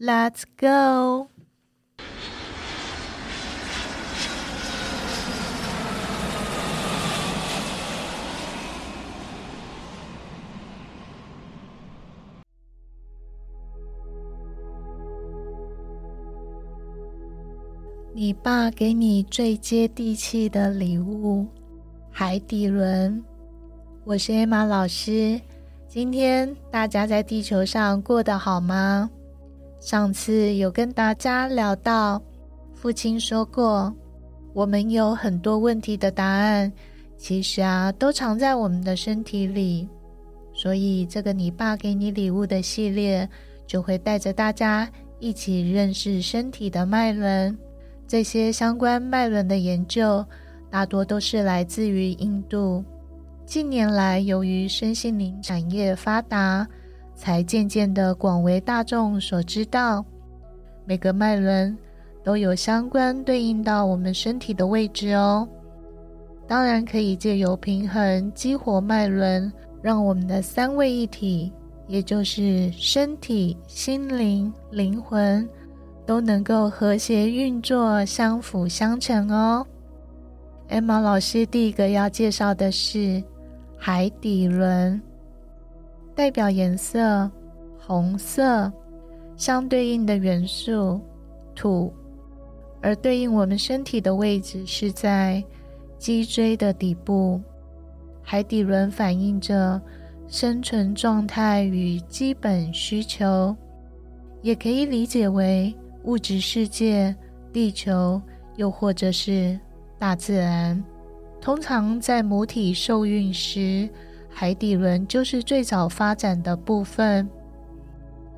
Let's go！你爸給你最接地氣的禮物——海底輪。我是 Emma 老師，今天大家在地球上過得好嗎？上次有跟大家聊到，父親說過，我們有很多問題的答案，其實啊都藏在我們的身體裡。所以這個你爸給你禮物的系列，就會帶着大家一起認識身體的脈輪。這些相關脈輪的研究，大多都是來自於印度。近年來，由於身心靈產業發達，才漸漸地廣為大眾所知道，每個脈輪都有相關對應到我們身體的位置哦。當然可以借由平衡激活脈輪，讓我們的三位一體，也就是身體、心靈、靈魂，都能夠和諧運作，相輔相成哦。Emma 老師第一個要介紹的是海底輪。代表顏色，紅色，相對應的元素土，而對應我們身體的位置是在脊椎的底部。海底輪反映着生存狀態與基本需求，也可以理解為物質世界、地球，又或者是大自然。通常在母體受孕時。海底輪就是最早發展的部分。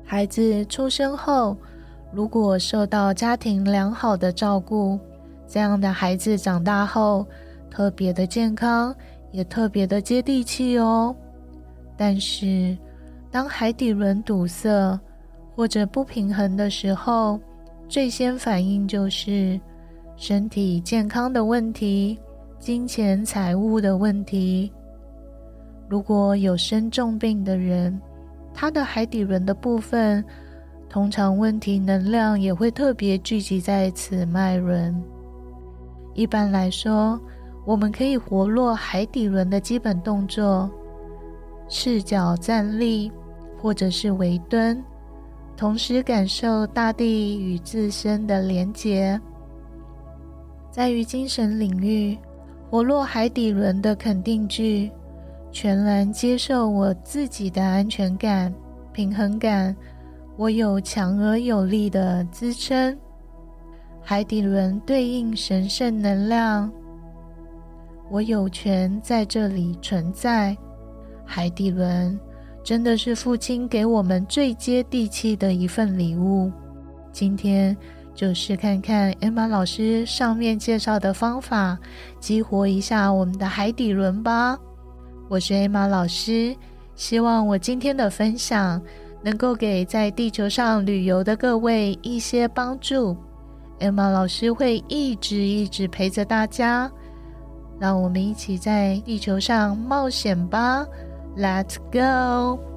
孩子出生後，如果受到家庭良好的照顧，這樣的孩子長大後特別的健康，也特別的接地氣哦。但是，當海底輪堵塞或者不平衡的時候，最先反應就是身體健康的問題、金錢財物的問題。如果有生重病的人，他的海底輪的部分通常問題能量也會特別聚集在此脈輪。一般來說，我們可以活絡海底輪的基本動作：赤腳站立，或者是微蹲，同時感受大地與自身的連結。在於精神領域，活絡海底輪的肯定句。全然接受我自己的安全感、平衡感，我有強而有力的支撐。海底輪對應神聖能量，我有權在這裡存在。海底輪真的是父親給我們最接地氣的一份禮物。今天就是看看 Emma 老師上面介紹的方法，激活一下我們的海底輪吧！我是 Emma 老師，希望我今天的分享能夠給在地球上旅遊的各位一些幫助。Emma 老師會一直一直陪着大家，讓我們一起在地球上冒險吧！Let's go!